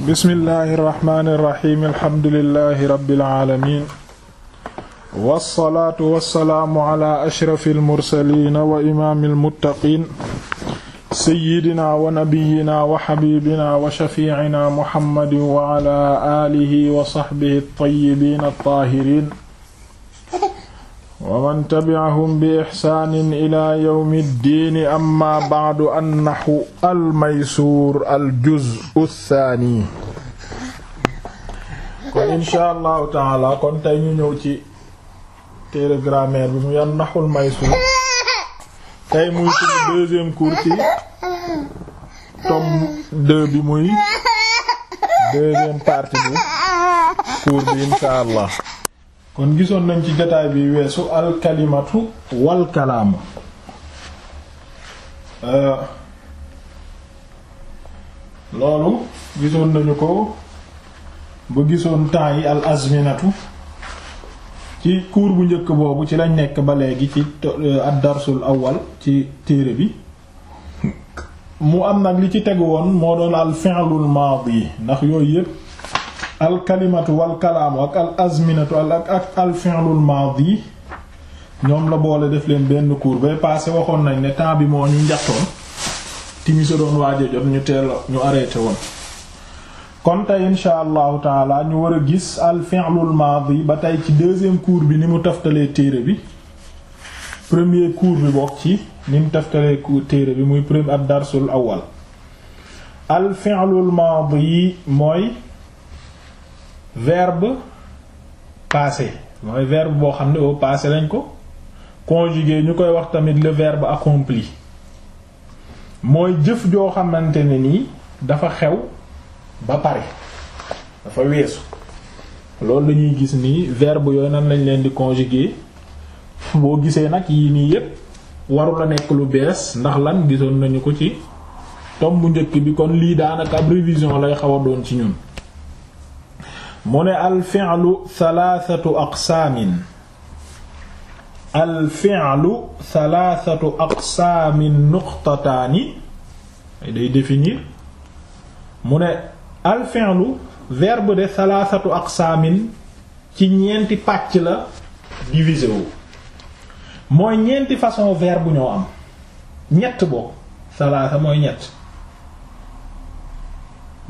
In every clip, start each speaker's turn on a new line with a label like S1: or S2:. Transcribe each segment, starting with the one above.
S1: bismillahi irrahmani irrahim alhamdulilahi rabilalamin walsalaatu walsalaamu ala ashrafi almursalina wa imaami almuttaqin seyidina wa nabiyina wa xabibina wa shafiicina muhammadin wa ala aalihi wa saxbihi altayibin altahirin waman tabi'ahum bi ixsaanin ila yawmi ddiini amma ba'du annaxu almaysuur aljuz'u thaani kon insha allahu taala kon tey ñu ñëw ci téere grammaire bi mu yan naxul maysuur tey muy suñu deuxième cours ci bi muy deuxième partie bi cours bi insha allah kon gisoon nañ ci jotaay bi weesu alkalimatu walkalaamu euh, loolu gisoon nañu ko ba gisoon temps yi al azminatu ci cours bu njëkk boobu ci lañ nekk ba léegi ci euh, ad-darsul awal ci téere bi mu am nag li ci tegu woon moo doon al fi'lul maadi ndax yooyu yépp alkalimatu walkalaamu ak al azminatu ak al fi'lul maadi ñoom la boole def leen benn cours bay passé waxoon nañ ne temps bi moo ñuy njattoon timisa doon waajo jot ñu teel ñu arrêté woon kon tey insha allahu taala ñu war a gis al fi'lul maadi ba tey ci deuxième cours bi ni mu taftalee téere bi premier cours bi bokk ci ni mu taftalee téere bi muy premier ad darsul awal al fi'lul maadi mooy verbe passé mooy verbe boo xam ne au passé lañ ko conjugué ñu koy wax tamit le verbe accompli mooy jëf joo xamante ne nii dafa xew ba pare dafa weesu loolu lañuy gis nii verbe yooyu nan lañ leen di conjuguer boo gisee nag yi nii yépp waru la nekk lu bees ndax lan gisoon nañu ko ci tombu njëkk bi kon lii daanaka ab révision lay xaw a doon ci ñun mu ne alfi'lu thalathatu aqsaamin alfi'lu thalathatu aqsaamin nuqtataani day définir mu ne alfi'lu verbe de thalathatu aqsaamin ci ñeenti pàcc la divisé wu mooy ñeenti façon verbe ñoo am ñett boobu thalatha mooy ñett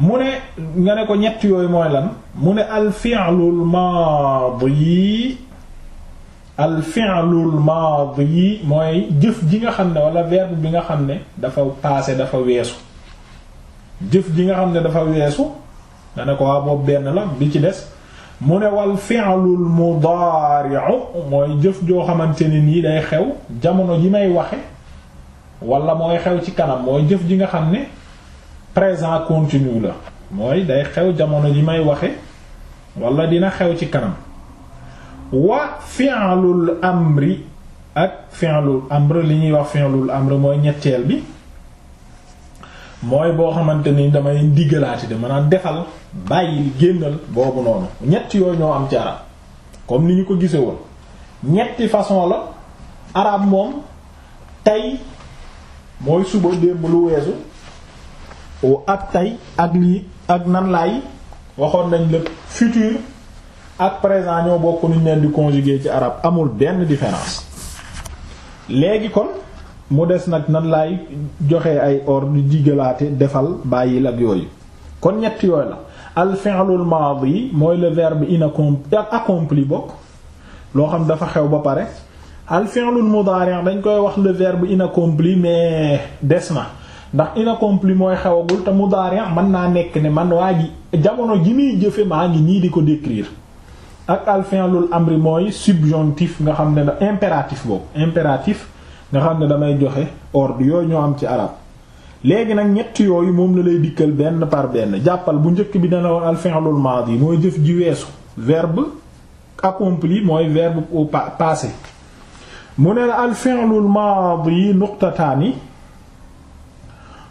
S1: mu ne nga ne ko ñett yooyu mooy lan mu ne al fi'lul maadi al fi'lul maadi mooy jëf ji nga xam ne wala verbe bi nga xam ne dafa passé dafa weesu jëf ji nga xam ne dafa weesu nga ne ko waa boobu benn la bi ci des mu ne wal fi'lul mudaari'u mooy jëf joo xamante ne nii day xew jamono ji may waxe walla mooy xew ci kanam mooy jëf ji nga xam ne présent continu la mooy day xew jamono ji may waxe walla dina xew ci kanam wa fi'lul amri ak fi'lul amr li ñuy wax fi'lul amr mooy ñetteel bi mooy boo xamante ni damay ndigalaati de maanaam defal bàyyi génnal boobu noonu ñett yooyu ñoo am ci arab comme ni ñu ko gise woon ñetti façon la arab moom tey mooy suba démb lu weesu ak tey ak lii ak nan laay waxoon nañ lépp futur ak présent ñoo bokk nuñ leen di conjuguer ci arab amul benn différence léegi kon mu des nag nan laay joxe ay ordre jigalaate defal bàyyil ak yooyu kon ñett yooyu la al fi'lul maadi mooy le verbe inaccompli ak accompli bokk loo xam dafa xew ba pare al fi'lul mudaari' dañ koy wax le verbe inaccompli mais des na ndax inaccompli mooy xewagul te mu mudaari mën naa nekk ne man waa ji jamono ji muy jëfe maa ngi nii di ko décrire ak al fi'lul amri mooy subjonctif nga xam ne da impératif boobu impératif nga xam ne damay joxe ordre yooyu ñoo am ci arab léegi nag ñett yooyu moom la lay dikkal benn par benn jàppal bu njëkk bi dana woon al fi'lul maadi mooy jëf ji weesu verbe accompli mooy verbe au passé mu ne la al fi'lul maadi nuqtataani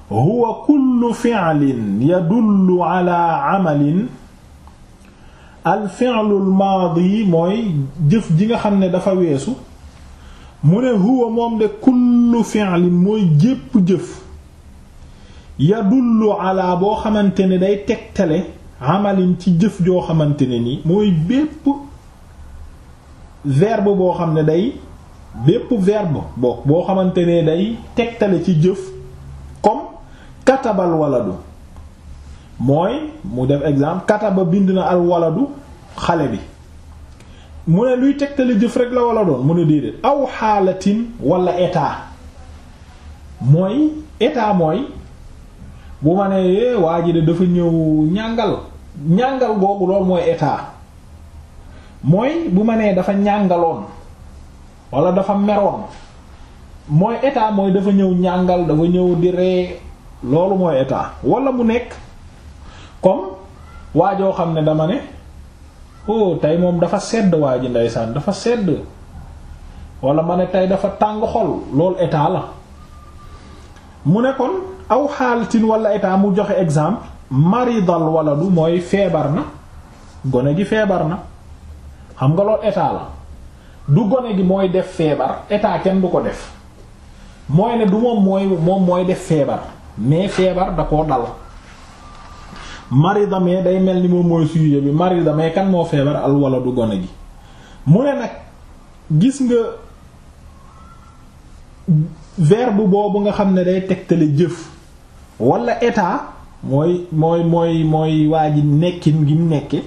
S1: huwa kullu fi'lin yadullu ala mooy jëf ji xam ne dafa weesu mu ne huwa mooy jépp jëf yadullu ala boo xamante ne day tegtale amalin ci jëf joo xamante ne nii mooy bépp verbe boo xam ne day bépp verbe xamante ne day tegtale ci jëf katabal waladu mooy mu def exemple kataba bind na al waladu xale bi mu ne luy tegtali jëf rek la wala doon mu ne déedéet aw xaalatin wala état mooy état mooy bu ma nee eh, waa ji dafa ñëw ñàngal ñàngal googu mooy bu ma dafa ñàngaloon wala dafa meroon mooy état mooy dafa ñëw ñàngal dafa ñëw di ree loolu mooy état wala mu nekk comme waa joo xam ne dama ne oh tey moom dafa sedd waa ji ndeysaan dafa sedd wala ma ne tey dafa tàng xol loolu état la mu nekkoon kon aw xaalitin wala état mu joxe exemple maridal wala du mooy feebar na gone ji feebar na xam nga loolu état la du gone gi mooy def feebar état kenn du ko def mooy ne du moom mooy moom mooy def feebar mais feebar da koo dal marida mais day mel ni moom mooy sujet bi marida kan moo feebar al wala du gone gi mu ne nag gis nga verbe boobu nga xam ne day tegtale jëf walla état mooy mooy mooy mooy waa ji nekkin gi mu nekke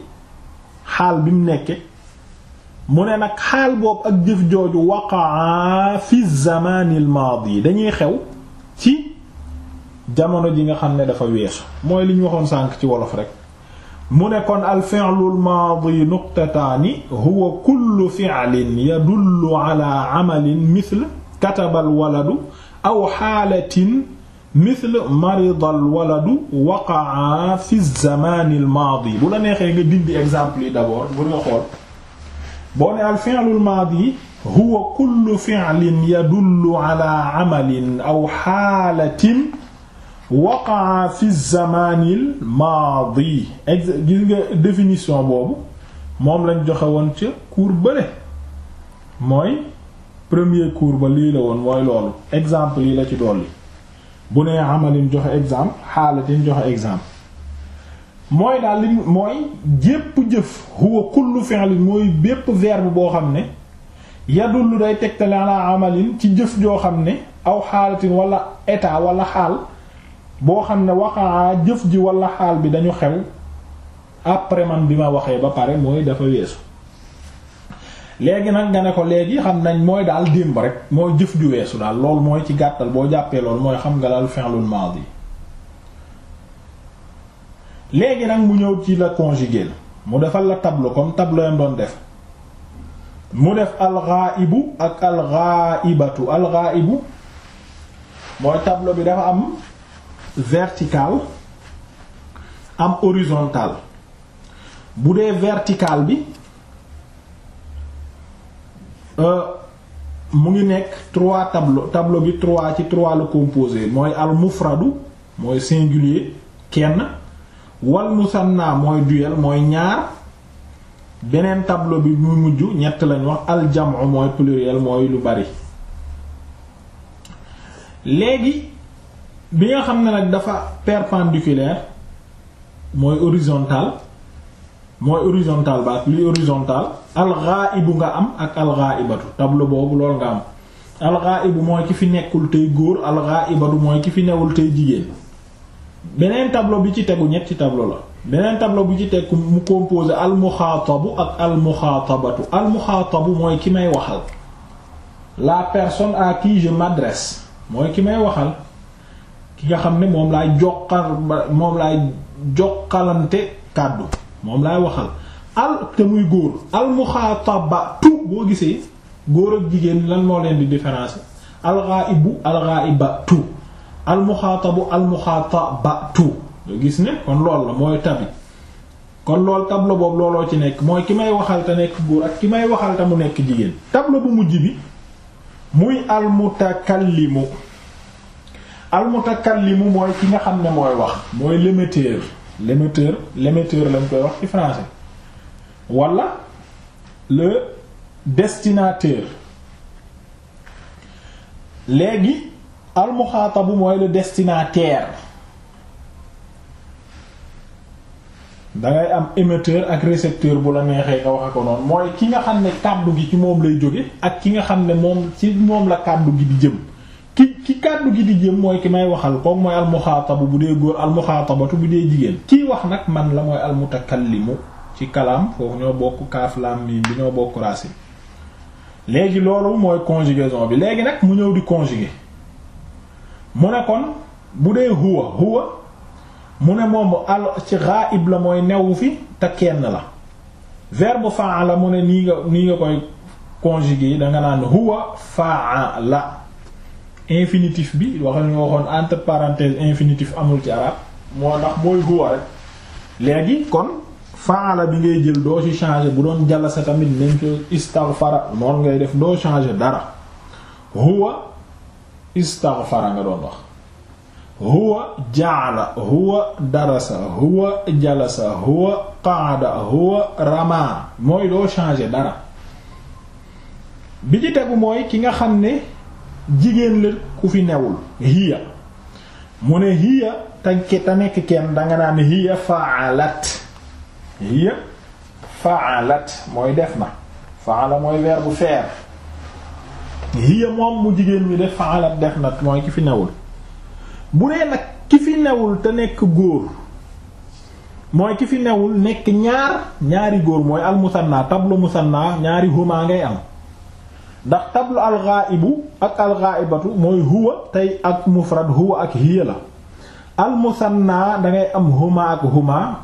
S1: xaal bi mu nekke mu ne nag xaal boobu ak jëf jooju waqaa fi zamanil maadi dañuy xew ci jamono ji nga xam ne dafa weesu mooy li ñu waxoon sànk ci wolof rek mu ne kon al fi'lul maadi nuqtataani huwa kullu fi'lin yadullu ala amalin mithl katabal waladu aw xaalatin mithl maridal waladu waqaa maadi bu la neexee nga dindi exemple yi d'abord bu nga xool boo al maadi huwa kullu fi'lin yadullu ala amalin aw xaalatin waqaa fi zamanil maadi gis nga définition boobu moom lañ joxe woon ca cours bële mooy premier cours ba lii la woon mooy loolu exemple yi la ci dolli bu nee amalin joxe exemple xaalatin joxe exemple mooy daal li mooy jépp jëf huwa kullu fi'lin mooy bépp verbe boo xam ne lu day tegtale ala amalin ci jëf joo xam ne aw xaalatin wala état wala xaal boo xam ne waxaa jëf ji wala xaal bi dañu xew après man bi ma waxee ba pare mooy dafa weesu léegi nag nga ne ko léegi xam nañ mooy daal démb rek mooy jëf ju weesu daal loolu mooy ci gàttal boo jàppee loolu mooy xam nga daal fi'lul maadi léegi nag mu ñëw ci la conjugué mu defal la tableau comme tableau yam doon def mu def al-ghaa'ibu ak al-ghaa'ibatu al-ghaa'ibu mooy tableau bi dafa am vertical am horizontal bu dee vertical bi euh, mu ngi nekk trois tableau tableau bi trois ci trois la composé mooy al mufradu mooy singulier kenn wal musanna mooy duel mooy ñaar beneen tableau bi mu mujj ñett lañ wax al jam'u mooy pluriel mooy lu bari léegi bi nga xam ne nag dafa perpendiculaire mooy orisontal mooy horizontal ba ak li horizontal alxaibu nga am ak alxaibatu tableau boobu loolu nga am alxaibu mooy ki fi nekkul tey góor alxaibatu mooy ki fi newul tey jigéen beneen tableau bi ci tegu ñetti tablo la beneen tablo bu ci teg mu composé almuxaatabu ak almuxaatabatu almuxaatabu mooy ki may waxal la personne à qui je mooy ki may waxal ki nga xam ne moom laay joqar moom laay joqalante kàddu moom lay waxal al te muy góor al muxaatabatu boo gisee góor ak jigéen lan moo leen di différence al ghaibu al ghaibatu al muxaatabu al muxaatabatu nga gis ne kon lool la mooy tabi kon loolu tableau boobu looloo ci nekk mooy ki may waxal te nekk góor ak ki may waxalte mu nekk jigéen la bu mujj bi muy al mu mooy ki nga xam ne mooy wax mooy l'émetteur l'émetteur l'émetteur lañ koy wax ci français walla le destinataire léegi almuxaatabu mooy le destinataire dangay am émetteur ak récepteur bu la neexee nga waxe ko noonu mooy ki nga xam ne kàddu gi ci moom lay jóge ak ki nga xam ne moom ci moom la kàddu gi di jëm ki kàddu gi di jëm mooy ki may waxal kook mooy almuxaatabu bu dee góor almuxaatabatu bu dee jigéen kii wax nag man la mooy almutakallimu ci kalaam foofu ñoo bokk kaaf laam miim bi ñoo bokk racine léegi loolu mooy conjugaison bi léegi nag mu ñëw di conjuguer mu ne kon bu dee huwa huwa mu ne moom al ci ghaib la mooy newu fi te kenn la verbe fa'ala mu ne nii nga nii nga koy conjuguer da nga naan huwa fa'ala infinitif bi waxal ñu waxoon entre parenthèse infinitif amul ci arab moo ndax mooy huwa rek léegi kon faala bi ngay jël doo ci changer bu doon jalasa tamit même chose istaghfara noonu ngay def doo changer dara huwa istaghfara nga doon wax huwa jaala huwa darasa huwa jalasa huwa qaada huwa rama mooy doo changer dara bi ci tegu mooy ki nga xam ne jigéen la ku fi newul hiya mu ne hiya te te nekk kenn danga naan hiya fa'alat hiya fa'alat mooy def na fa'ala mooy verbe faire hiya moom mu jigéen mi def fa'alat def na mooy ki fi newul bu nee nag ki fi newul te nekk góor mooy ki fi newul nekk ñaar ñaari góor mooy al musanna tablu musanna ñaari huma ngay am ndax tablu alxaayibu ak alxaayibatu mooy huwa tey ak mufrad huwa ak hiya la almusanna dangay am huma ak huma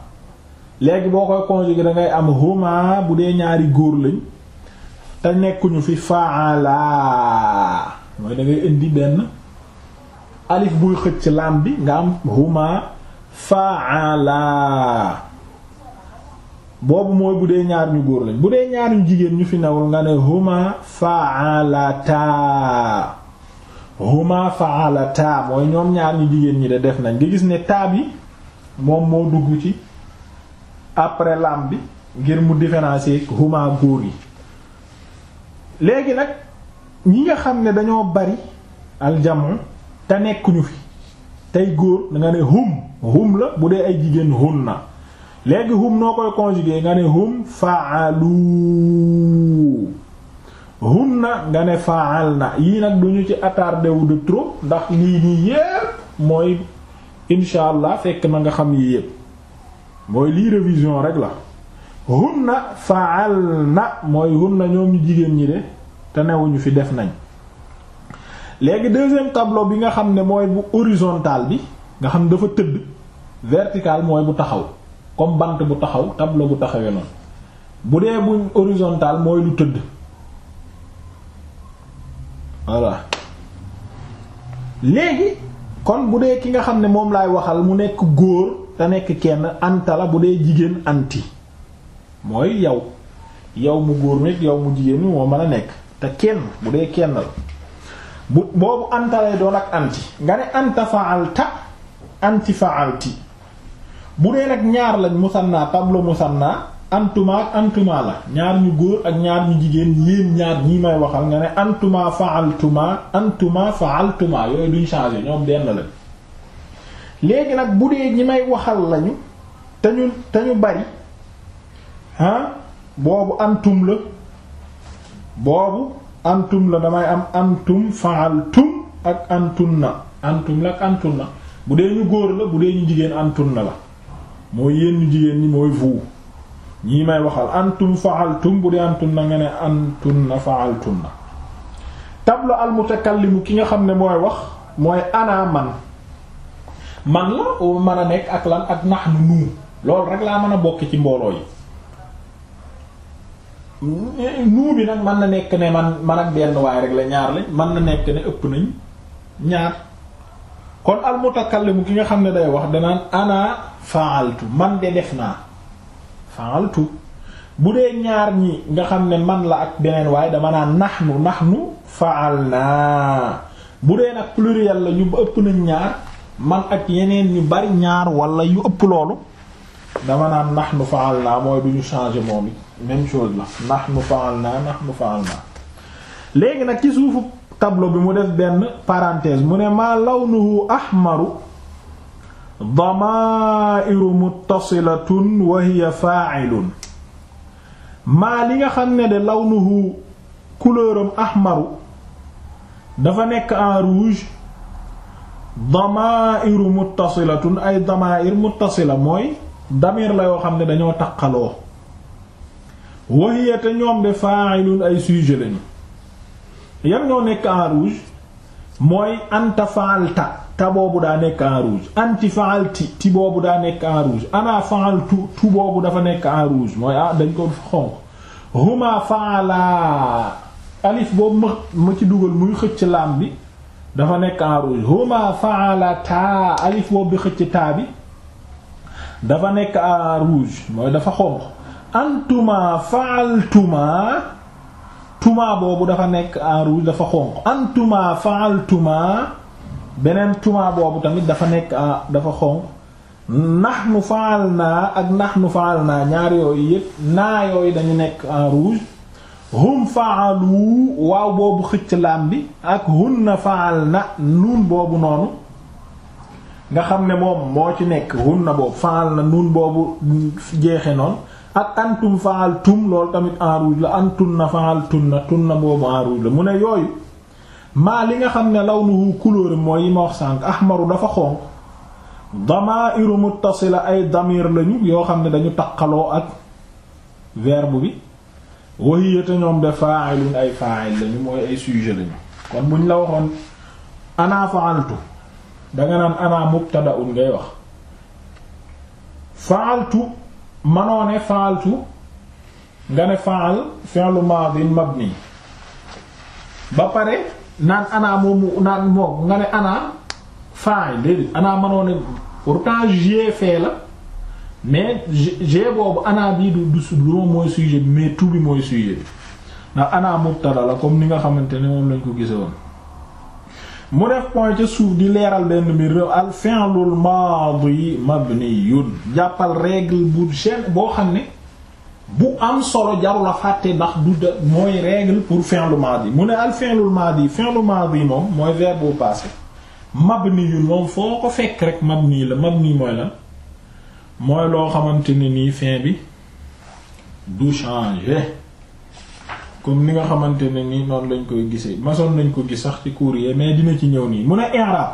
S1: léegi boo koy conjuguer dangay am huma bu dee ñaari góor lañ te nekkuñu fi fa'ala mooy dangay indi benn alif buy xëcc lam bi nga am huma fa'ala boobu mooy bu dee ñaar ñu góor lañ bu dee ñaar ñu jigéen ñu fi newul nga ne huma fa'alata huma fa'alata mooy ñoom ñaar ñu jigéen ñi de def nañ nga gis ne taab yi moom moo dugg ci après lam bi ngir mu différencier huma góor yi léegi nag ñi nga xam ne dañoo bari aljamu te nekkuñu fi tey góor danga ne hum hum la bu dee ay jigéen hun na léegi hum noo koy conjuguer nga ne hum fa'alu na nga ne fa'alna yii nag duñu ci attardé wu de trop ndax lii nii yépp mooy insha allah fekk na nga xam yi yépp mooy lii révision rek la na hunna na mooy hunna ñoom ñu jigéen ñi de te newuñu fi def nañ léegi deuxième tableau bi nga xam ne mooy bu horizontal bi nga xam dafa tëdd vertical mooy bu taxaw comme bant bu taxaw tableau bu taxawee noonu bu dee buñ horizontal mooy lu tëdd voilà léegi kon bu dee ki nga xam ne moom laay waxal mu nekk góor te nekk kenn antala bu dee jigéen anti mooy yow yow mu góor mi yow mu jigéen mi moo mën a nekk te kenn bu dee kenn la bu boobu anta lay doon ak anti nga ne anta fa'alta anti fa'alti bu dee nag ñaar lañ musanna tablo musanna antuma ak antuma la ñaar ñu góor ak ñaar ñu jigéen yéen ñaar ñii may waxal nga ne antuma fa'altuma antuma fa'altuma yooyu duñ changer ñoom benn lañ léegi nag bu dee ñi may waxal lañu te ñu te ñu bari ah boobu antum la boobu antum la damay am antum fa'altum ak antunna antum la ak antunna bu dee ñu góor la bu dee ñu jigéen antunna la mooy yenn jigéen ñi mooy vous ñii may waxal antum fa'altum bu dee antum na nga ne antum na fa'altum na tablu al mutakallimu ki nga xam ne mooy wax mooy ana man man la man a nekk lan ak nahnu nu loolu rek laa mën a bokk ci mbooloo yi nuu bi nag mën na nekk ne man man ak benn waay rek la ñaar lañ man na nekk ne ëpp nañ ñaar kon al mutakallimu ki nga xam ne day wax danaan anaa faaltu man de def naa faaltu bu dee ñaar ñi nga xam ne man la ak beneen waaye dama naan nax nahnu nahnu faalnaa bu dee nag pluriel la ñu ëpp nañ ñaar man ak yeneen ñu bari ñaar wala yu ëpp loolu dama naan nax nahnu faalnaa mooy du ñu changer moom it même chose la nahnu faalnaa nahnu faalnaa léegi nag ci suufu tablo bi mu def benn parenthèse mu ne maa lawnuhu ahmaru damaa'iru muttasilatun wa hiya faa'ilun maa li nga xam ne de lawnuhu couleuram ahmaru dafa nekk en rouge damaa'iru muttasilatun ay damaa'ir muttasila mooy damir la yoo xam ne dañoo taqaloo wa hiya te ñoom de ay sujet lañu ñoo nekk en rouge mooy anta fa'alta ta boobu daa nekk en rouge anti fa'alti ti boobu daa nekk en rouge ana fa'altu tu boobu dafa nekk en rouge mooy ah dañ ko xonq huma fa'ala alif boobu ci dugal muy xëcc laam bi dafa nekk en rouge huma fa'ala taa alif boobu bi xëcc taa bi dafa nekk en rouge dafa xonq antuma fa'altuma tuma boobu dafa nekk en dafa xonq antuma fa'altuma beneen tuma boobu tamit dafa nekk ah, dafa xonq nax nu faal naa ak nax nu faal naa ñaar yooyu yëpp naa yooyu dañu nekk en rouge hum faalu waaw boobu xëcc laam bi ak hunna faal na nuun boobu noonu nga xam ne moom moo ci nekk na boobu faal na nuun boobu jeexe noonu ak antum faal tum loolu tamit en rouge la antunna faal tunna tunna boobu en la mu ne yooyu maa li nga xam ne lawnuhu couleur mooy yi ma wax sànq ahmaru dafa xonq damairu muttasila ay damir lañu yoo xam ne dañu taqaloo ak verbe bi wa hiya te ñoom de fa'ilun ay fa'il lañu mooy ay sujet lañu kon buñ la waxoon ana fa'altu danga naan ana mubtada'un ngay wax fa'altu manoo ne fa'altu nga ne fa'al fi'lu madin mabni ba pare naan ana moom naan moom nga ne ana faay déedéet ana mënoo ne g fee la mais g boobu ana bii du du moom mooy sujet bi mais tout mooy sujet bi ndax ana mubtada la comme ni nga xamante ne moom lañ ko gise woon mu def point ca suuf di leeral benn mbir al fi'lul maadi mabniyun jàppal règle bu chaîne boo xam ne bu am solo jarul fàtte ndax du da mooy règle pour fi'l madi mu ne al fi'l madi fi'l madi moom mooy verbe bu passé mabni yu moom foo ko fekk rek mabni la mabni mooy lan mooy loo xamante ni nii fin bi du changer comme ni nga xamante ne nii noonu lañ koy gisee masoon lañ ko gis sax ci cours yi mais dina ci ñëw nii mu ne i'rab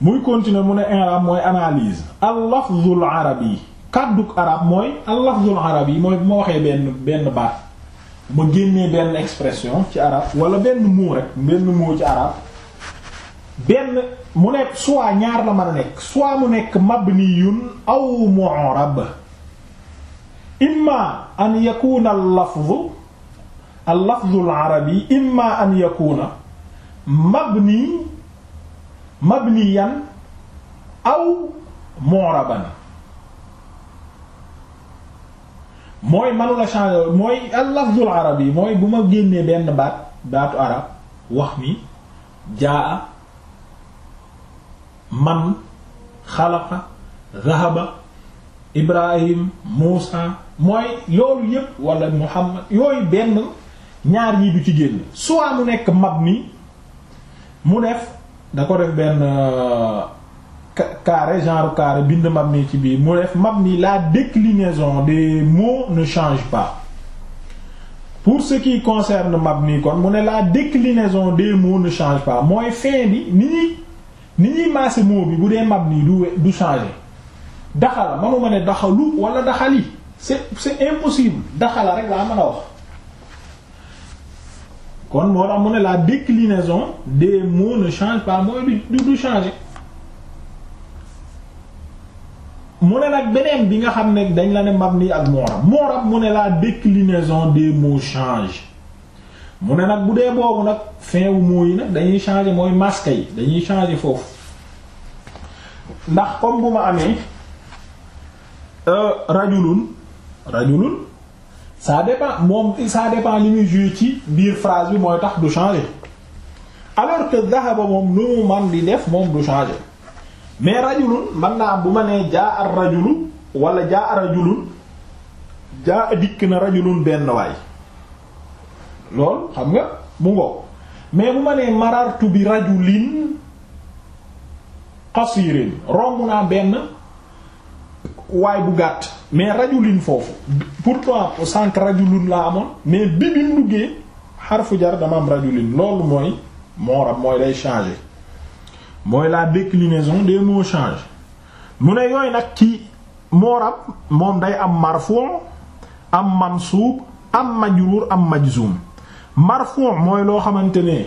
S1: muy continuer mu ne i'rab mooy analyse al lafzul arabi kàdduk arab mooy al-lafzul arab yi mooy ma waxee benn benn baat ma génnee benn expression ci arab wala benn mot rek benn mot ci arab benn mu nekk soit ñaar la mën a nekk soit mu nekk mabniyun aw mu'rab imma an yakuna al-lafzu al-lafzul arabi imma an yakuna mabniyan aw mu'raban mooy manula la changer mooy al arab yi mooy bu ma génnee benn baat baatu arab wax ni jaa man xalaqa zahaba ibrahim muusa mooy loolu yépp wala muhammad yooyu benn ñaar yi du ci génn soit mu nekk mi mu def da ko def benn carré genre carré bind mabni ci biir mu def mabni la déclinaison des mots ne change pas pour ce qui concerne mabni kon mu ne la déclinaison des mots ne change pas mooy fin bi ni ñuy ni ñuy maase mot bi bu dee mabni du du changer daxala manuma ne daxalu wala daxali c'est c'est impossible daxala rek laa mën a wax kon moo tax mu ne la déclinaison des mots ne change pas mooy du du changer mu ne nag beneen bi nga xam ne dañ la ne mabni ak moo mu'rab mu ne la déclinaison des mots change mu ne nag bu dee boobu nag fin wu mots yi nag dañuy changer mooy masque yi dañuy changer foofu ndax comme bu ma amee euh, rajulun rajulun ça dépend moom ça dépend li muy jouer ci biir phrase bi mooy tax du changer alors que dhahaba moom lu mu man di def moom du changer mais rajulun man naa bu ma nee jaa ar rajulu wala jaa ar rajulun jaa a dikk na rajulun benn waay loolu xam nga mu ngoo mais bu ma nee marartu bi rajulin qasirin romb naa benn waay bu gàtt mais rajulin foofu pourtant sànq rajulun laa amoon mais bi bi mu duggee xarfu jar dama am rajulin loolu mooy mooram mooy day changer mooy la déclinaison des mots change mu ne yooyu nag ci moorab moom day am marfu am mansuub am majruur am majzuum marfu mooy loo xamante ne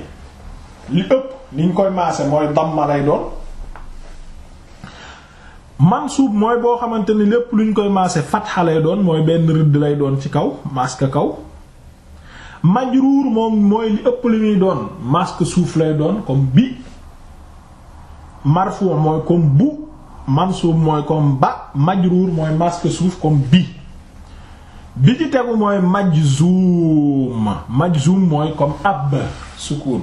S1: li ëpp liñ koy maase mooy damma lay doon mooy boo xamante ne lépp luñ koy maase fatxa lay doon mooy benn rëdd lay doon ci kaw masque kaw majruur moom mooy li ëpp li muy doon masque suuf lay doon comme bi marfu mooy comme bu mansub mooy comme ba majruur mooy masque suuf comme bi bi ci tegu mooy majzuum majzuum mooy comme ab sukun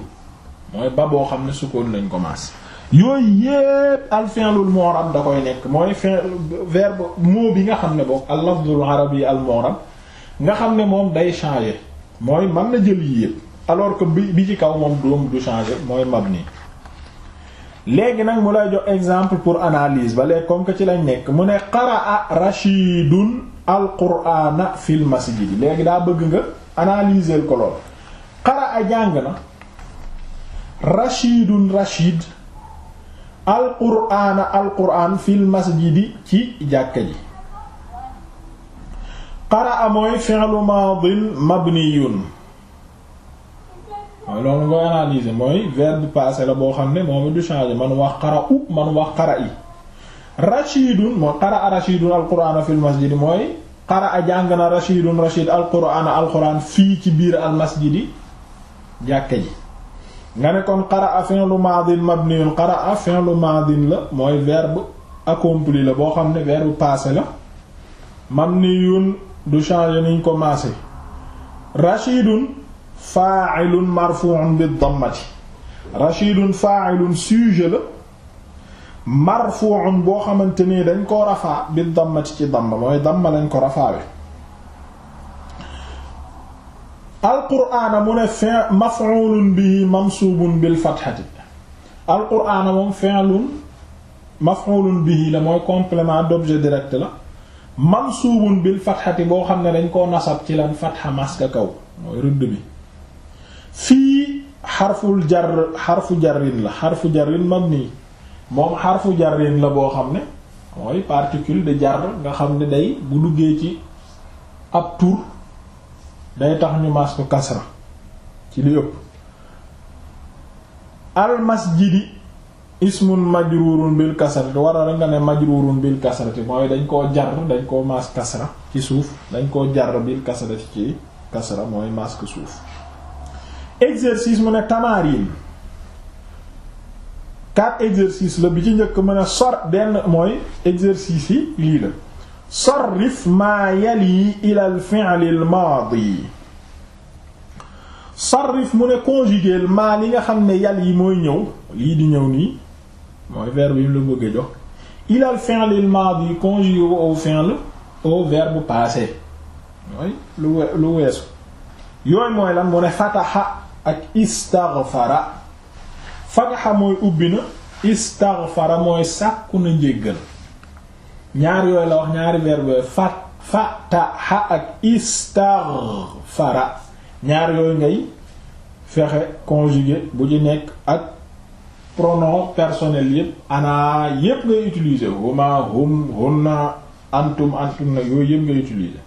S1: mooy ba boo xam ne sukun lañ commencé yooyu yépp al fi'lul da koy nekk mooy fi'l verbe mot bi nga xam ne boog al lafzul arabi al nga xam ne moom day changer mooy man na jël yi yépp alors que bi bi ci kaw moom doom du changer mooy mabni léegi nag mu lay jox exemple pour analyse ba léegi comme que ci lañ nekk mu ne a qaraa rashidun alqur'ana fil masjid léegi daa bëgg nga analyser ko lool qaraa jàng na rashidun rashid alqur'ana alqur'an fil masjid ci jàkka ji qaraa mooy fi'lu maadin mabniyun waaw loolu nga analyser mooy verbe passé la boo xam ne moom du changer man wax xara u man wax xara i rachidun mooy xara a jàng na rachidun rachid alqur'ana fii ci biir al masjidi jàkke ji nga ne kon xara a fi'lu madin mabniyun xara a fi'lu madin la mooy verbe accompli la boo xam ne verbe passé la mabniyun du changer niñ ko maase rachidun fa'ilun marfu'un bi la boo xamante ni dañ ko ci damma mooy damma lañ ko rafaawe alqur'ana mu ne fin maf'ulun bihi la mooy complément d'objet direct la mansuubun boo xam ne dañ koo nasab ci la fatha maska kaw mooy rëdd bi fii xarful jar xarfu jarrin la xarfu jarrin mabni moom xarfu jarrin la boo xam ne mooy particule de jar nga xam ne day bu duggee ci ab tur day tax ñu mas ko kasra ci li ëpp almasjidi ismun majrurun bil kasrati waral nga ne majrurun bil kasrati mooy dañ koo jar dañ koo mas kasra ci suuf dañ koo jar bil kasrati ci kasra mooy mas ko suuf exercice mu ne tamarin quatre exercice la bi ci njëkk mu ne sor benn mooy exercice yi lii la sarrif maa yali yi al fi'l al maadi sarrif mu ne conjuguer maa li nga xam ne yal yi mooy ñëw lii di ñëw nii mooy verbe yi la bëgg jox ila al fi'l al maadi au fi'l au verbe passé mooy lu lu weesu yooyu mooy lan mu ne fataha ak istaghfara fataxa mooy ubbi na istaghfara mooy sàkku na njéggal ñaar yooyu la wax ñaari verbe yooyu fat fataxa ak istaghfara ñaar yooyu ngay fexe conjugué bu ci nekk ak pronom personnel yépp ana yépp ngay utiliser huma hum hunna antum antum na yooyu yépp ngay utiliser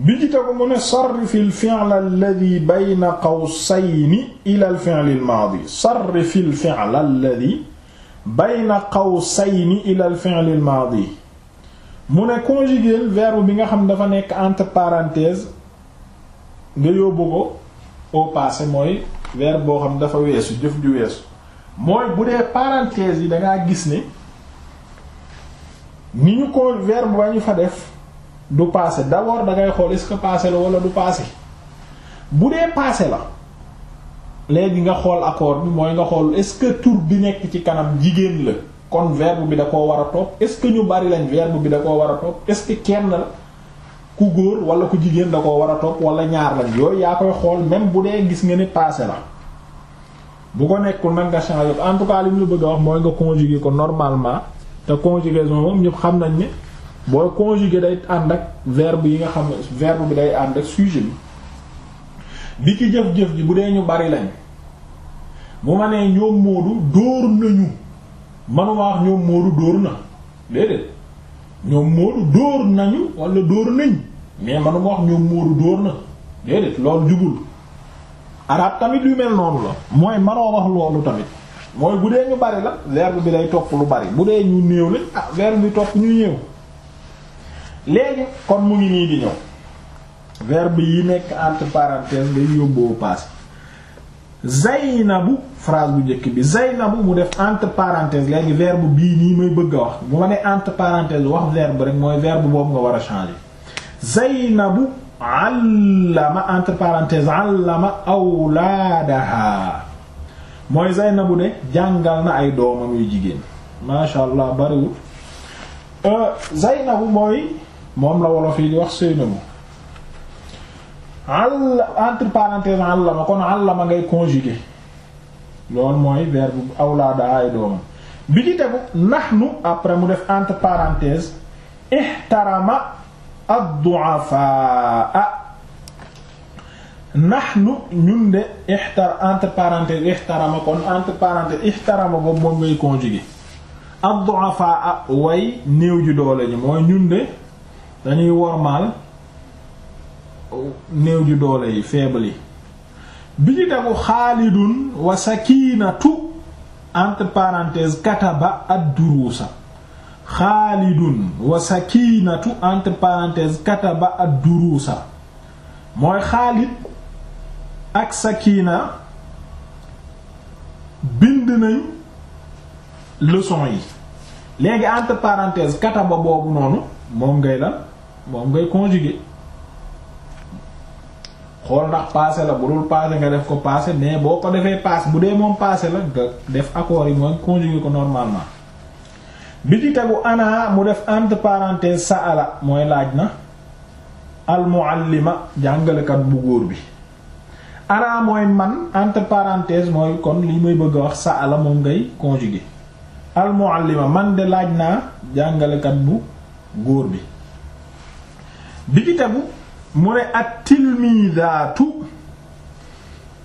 S1: bi ci tegu mu ne sarrif al fi'l alladhi bayna qawsayni ila al fi'l al maadi sarrif al fi'l alladhi bayna qawsayni ila al fi'l al maadi mu ne conjuguer verbe bi nga xam dafa nekk entre parenthèses nga yóbbu ko au mooy verbe boo xam dafa weesu jëf ju weesu mooy bu dee parenthèses yi dangaa gis ne ni ñu ko verbe ba ñu fa def du passé d'abord da ngay xool est-ce passé la wala du passé bu dee passé la léegi nga xool accord bi mooy nga xool est-ce que tur bi nekk ci kanam jigéen la kon verbe bi da koo war a topp est-ce que ñu bari lañ verbe bi da koo war a topp est-ce que kenn la ku góor wala ku jigéen da koo war a topp wala ñaar lañ yooyu yaa koy xool même bu dee gis nga ni passé la bu ko nekkul nag nga changer en tout cas bëgg a wax mooy nga conjuguer ko normalement te conjugaison moom ñëpp xam nañ ne. booy conjugué day ànd ak verbe yi nga xam ne verbe bi day ànd ak sujet bi bi ki jëf-jëf ji bu dee ñu bari lañ bu ma nee ñoom Moodu dóor nañu manuma wax ñoom Moodu dóor na déedéet ñoom nañu wala dóor nañ mais manuma wax na déedéet loolu jubul arab tamit lu mel noonu la mooy manoo wax loolu tamit mooy bu dee ñu bari la verbe bi day topp lu bari bu dee ñu néew lañ ah verbe bi topp ñu néew léegi kon mu ngi nii di ñëw verbe yi nekk entre parenthèses ngay yóbboo passé Zaynabu phrase bu njëkk bi Zaynabu mu def entre parenthèses léegi verbe bii nii may bëgg a wax mu ma ne entre parenthèses wax verbe rek mooy verbe boobu nga war a changer Zaynabu allama entre parenthèses allama awlaadaha mooy Zaynabu de jàngal na ay doomam yu jigéen masha Allah bariwul euh, Zaynabu mooy moom la wolof yi di wax Seynabou àll entre parenthèses allama kon allama ngay conjuguer loolu mooy verbe awlaada ay doomam bi ci tegu nahnu après mu def entre parenthèses ihtarama ad-du'afa nahnu ñun de ihtar entre parenthèses ihtarama kon entre parenthèses ihtarama boobu moom ngay conjuguer ad-du'afa way néew ju doole ñu mooy ñun de dañuy wormaal néew ji doole yi faible yi bi ñu degu xaalidun wa sakiinatu entre parenthèses kataba ad-duruusa xaalidun wa sakiinatu entre parenthèses kataba ad-duruusa mooy xaalid ak sakiina bind nañ leçon yi léegi entre parenthèses kataba boobu noonu moom ngay la moom ngay conjuguer xool ndax passé la bu dul passé nga def ko passé mais boo ko defee passé bu dee moom passé la nga def accord yi mooy conjuguer ko normalement bi ci tegu ana mu def entre parenthèse saala mooy laaj na almuallima jàngalekat bu góor bi ana mooy man entre mooy kon li may bëgg a wax saala moom ngay conjuguer almuallima man de laaj naa jàngalekat bu góor bi bi ci tegu mu ne at tilmidaatu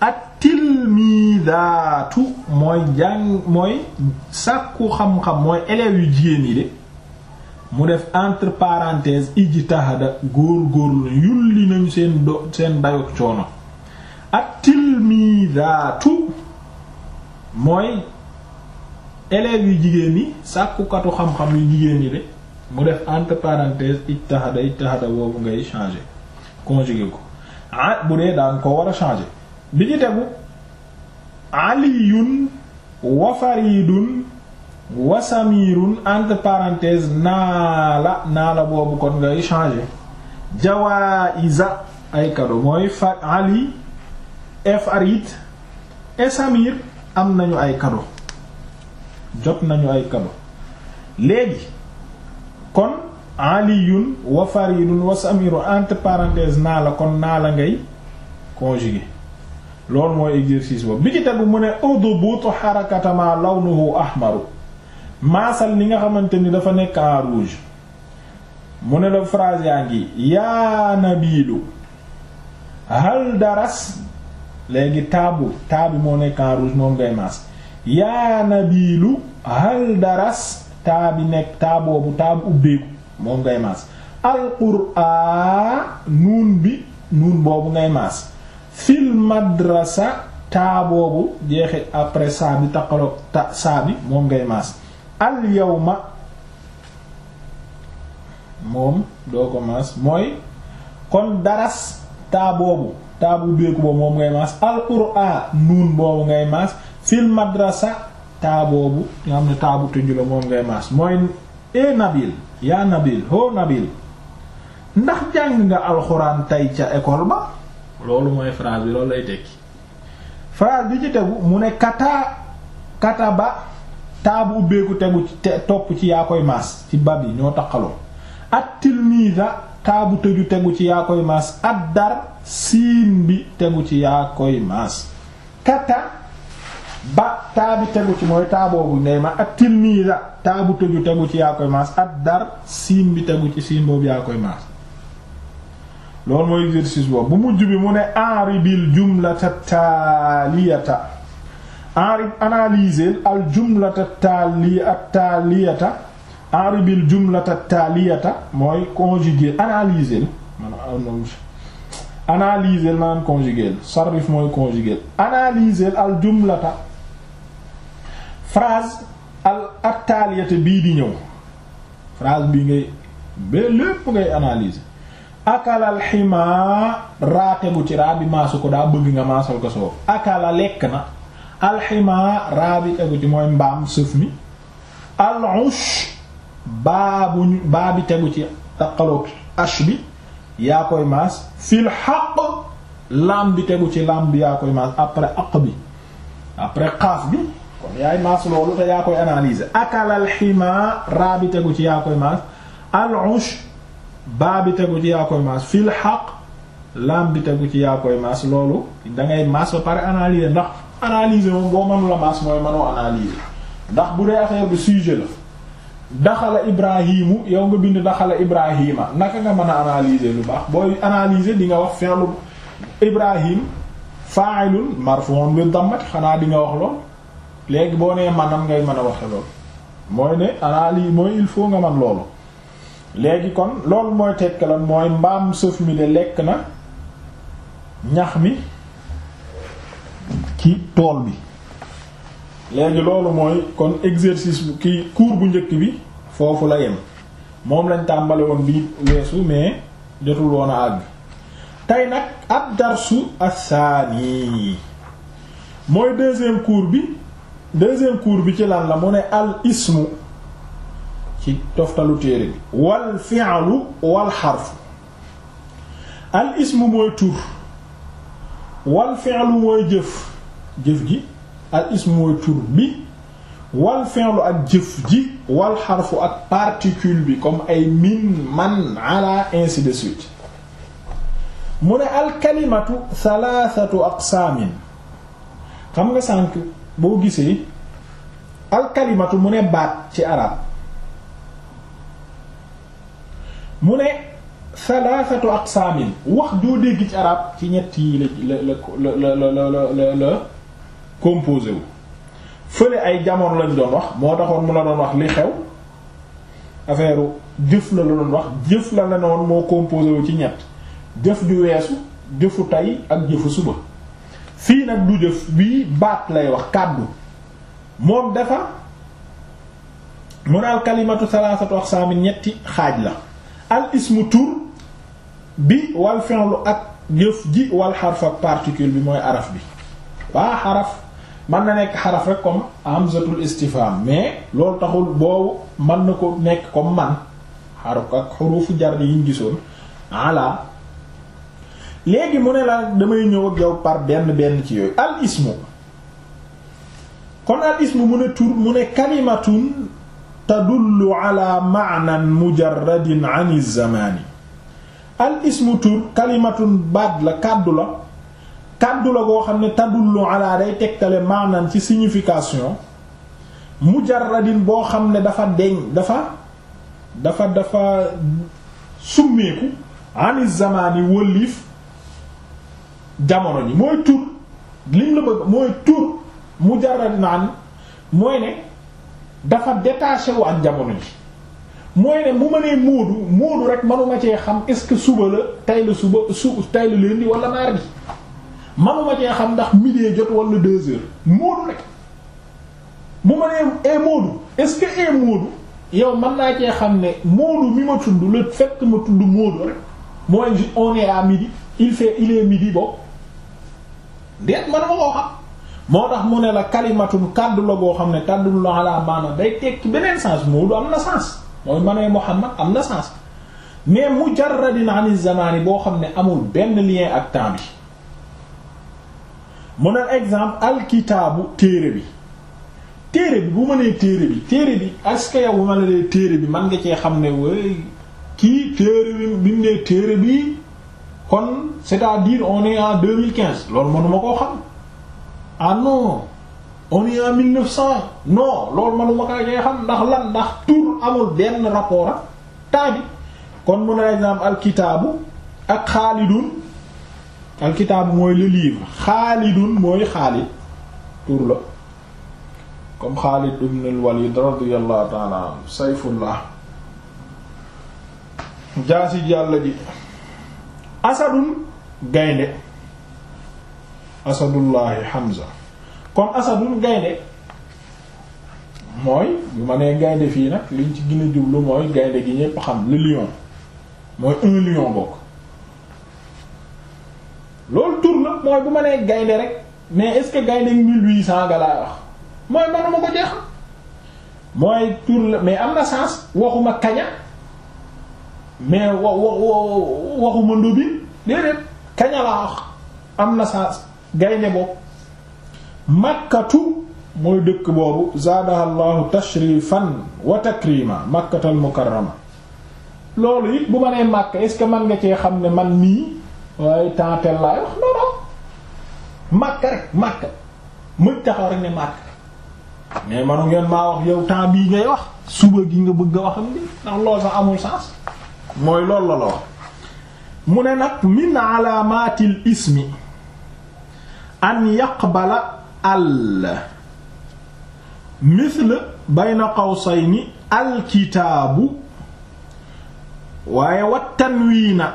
S1: at tilmidaatu mooy jàng mooy sàkku xam-xam mooy élèves yu jigéen yi de mu def entre parenthèses ijtahada góor-góorlu yulli nañu seen do seen dayok coono at tilmidaatu mooy élèves yu jigéen yi sàkkukatu xam-xam yu jigéen yi de mu def entre parenthèse ijtahada boobu ngay changé conjuguer ko ah bu dee daan ko war a changer bi ñu tegu aliyun wa faridun wa samirun entre parenthèse naa la naa la boobu kon ngay changé jawaiza ay cadeau mooy fa ali et farid am nañu ay cadeau jot nañu ay cadeau léegi kon aliyun wa faridun wa samiru entre parenthèses naa la kon naa la ngay conjugué loolu mooy exercice boobu bi ci tegu mu ne udbutu xarakatama lawnuhu ahmaru maasal li nga xamante ni dafa nekk en rouge mu ne la phrase yaa ngi yaa nabiilu hal daras léegi taabu taabi moo nekk rouge moom ngay maas yaa nabiilu hal taa bi nekk bu ubbeeku moom ngay maas alqur'aa nuun bi nuun boobu ngay maas fil madrasa taa boobu jeexee après saa bi taqalo ta saa moom ngay maas al yawma moom doo ko maas mooy kon daras taa boobu ubbeeku boobu moom ngay maas alqur'aa nuun boobu ngay maas fil madrasa taa boobu nga xam ne taabu tëju la moom ngay maas mooy e nabil yaa nabil ho nabil ndax jàng nga alxuraan tey ca ekool ba loolu mooy phrase bi loolu lay tekki phrase bi ci tegu mu ne kata kata ba taabu ubbeeku tegu ci te topp ci yaa koy maas ci bab yi ñoo taqaloo at tilmiza taabu tëju tegu ci yaa koy maas addar siin bi tegu ci yaa koy maas kata ba taabi tegu ci mooy taaboobu ngay ma ak tilmiza taabu tëju tegu ci yaa koy maas ak dar siin bi tegu ci siin boobu yaa koy maas loolu mooy exercice boobu bu mujj bi mu ne enribil jumlata taaliyata enrib analyser al jumlata taali at taaliyata enribil jumlata taaliyata mooy conjuguer analyser maanaam naan conjuguer sarrif mooy conjuguer analyser al jumlata phrase al attaaliyata bii di ñëw phrase bii ngay ba lépp ngay analyser akalal ximaa raate ci raa bi maasu ko daa bëgg nga maasal ko soof akala lekk na alximaa raa tegu ci mooy mbaam sëf mi alush baa bi tegu ci taqaloog ash yaa koy maas fil xaq lam tegu ci lam yaa koy maas après aq bi après xaaf bi kon yaay maas loolu te yaa koy analyser akalal xima raa bi tegu ci yaa koy maas al-ush baa bi tegu ci yaa koy maas fil xaq lam tegu ci yaa koy maas loolu dangay maas ba pare analyser ndax analyser moom boo mënula maas mooy mënoo analyser ndax bu dee affaire bi sujet la daxala ibrahimu yow nga bind daxala ibrahima naka nga mën a analyser lu baax booy analyser di nga wax fi'lu ibrahim fa'ilun marfu'un bi dammati xanaa di wax lool léegi boo nee manam ngay mën a waxe loolu mooy ne anaa lii mooy il faut nga man loolu léegi kon loolu mooy tekkalan mooy mbaam sëf mi de lekk na ñax mi ci tool bi léegi loolu mooy kon exercice bu kii cours bu njëkk bi foofu la yem moom lañ tàmbale woon bii weesu mais jotul woon a àgg tey nag ad darsu as-saani mooy deuxième cours bi deuxième cours bi ci lan la mu ne al ismu ci toftalu téere bi wal fi'lu wal xarfu al ismu mooy tur wal fi'lu mooy jëf jëf ji al ismu mooy tur bi wal fi'lu ak jëf ji wal xarfu ak particule bi comme ay min man ala ainsi de suite mu ne al kalimatu thalathatu aqsaamin xam nga sànq boo gisee alkalimatu mu ne baat ci arab mu ne thalathatu aqsaamin wax joo dégg ci arab ci ñett yi la la la la la la composé wu fële ay jamono lañ doon wax moo taxoon mu la doon wax li xew affaire jëf la la doon wax jëf la la moo composé ci ñett jëf ju weesu jëfu tey ak jëfu suba fii nag du jëf bii baat lay wax kàddu moom defar mun al kalimatu salaasatu aqsaamin ñetti xaaj la al ismu tur bi wal fi'lu ak jëf ji wal xarf ak particule bi mooy araf bi waa xaraf mën na nekk xaraf rek comme hamzatul istifham mais loolu taxul boobu mën na ko nekk comme man xaraf ak xurufu jar yiñ gisoon ala léegi mu ne la damay ñëw ak par benn benn ci yooyu al ismu kon al mu ne tur mu ne kalimatun tadullu ala maanan mujarradin an zamani tur kalimatun baat la kàddu la kàddu la boo xam ne tadullu ala day tegtale maanan ci signification mujarradin boo xam ne dafa deñ dafa dafa dafa summeeku an zamani jamono ji mooy tur lim la bëgg mooy tur mujarrad naan mooy ne dafa détaché wu ak jamono ji mooy ne bu ma nee moodu moodu rek manuma xam est-ce que suba la tay la suba su tay la lundi wala mardi xam ndax midi jot walla deux heures moodu rek bu ma nee e moodu est-ce que eh, yow man naa cee xam ne moodu mi ma tudd le fekk ma tudd moodu rek mooy on est à midi il fait il est midi bon déet man ma koo xam moo tax mu ne la kalimatun kàddu la goo xam ne tàddul la ala maana day tekki beneen sens moodu am na sens mooy ma nee Muhammad am na sens mais mujarradin an zamani boo xam ne amul benn lien ak temps bi mu ne exemple alkitaabu téere bi téere bi bu ma téere bi téere bi est-ce ma la téere bi man nga cee xam ne way kii téere bi bi mu téere bi kon c'est-à-dire on est en deux koo ah xam ndax lan ndax tur amul benn rapport ak temps bi kon mun a exemple alkitaabu ak xaalidun alkitaabu mooy le xaalidun mooy xaalid tur la comme Xaalid ibn walid radiyallahu ta'ala sayfullah jaasi jàll ji asadun gaynde asadullahi Hamza kon asadun gaynde mooy bu ma nee gaynde fii nag liñ ci gën a jublu mooy gaynde gi ñépp xam le lion mooy un lion bokk loolu tur mooy bu ma nee gaynde rek mais est-ce que gaynde mille huit cent nga laa wax mooy manuma ko jeex mooy tur mais am na sens waxuma kaña mais wa wa waxu mëndu bi déedéet kaña laa wax am na saa gaynde boobu makkatu mooy dëkk boobu zaadaha llahu tashrifan wa takrima makkatal mukarrama loolu it bu ma nee màkk est man nga cee xam ne man nii waaye tempel laay wax non non màkk rek màkk mëj taxaw rek ne màkk mais manu ngeen maa wax yow temps bii ngay wax suba gi nga bëgg a waxam bi ndax loolu sax amul sens mooy loolu la la wax mu ne nag min alaamaatil ismi an yaqbala al misl bayna qawsayni alkitaabu waaye wa tanwiina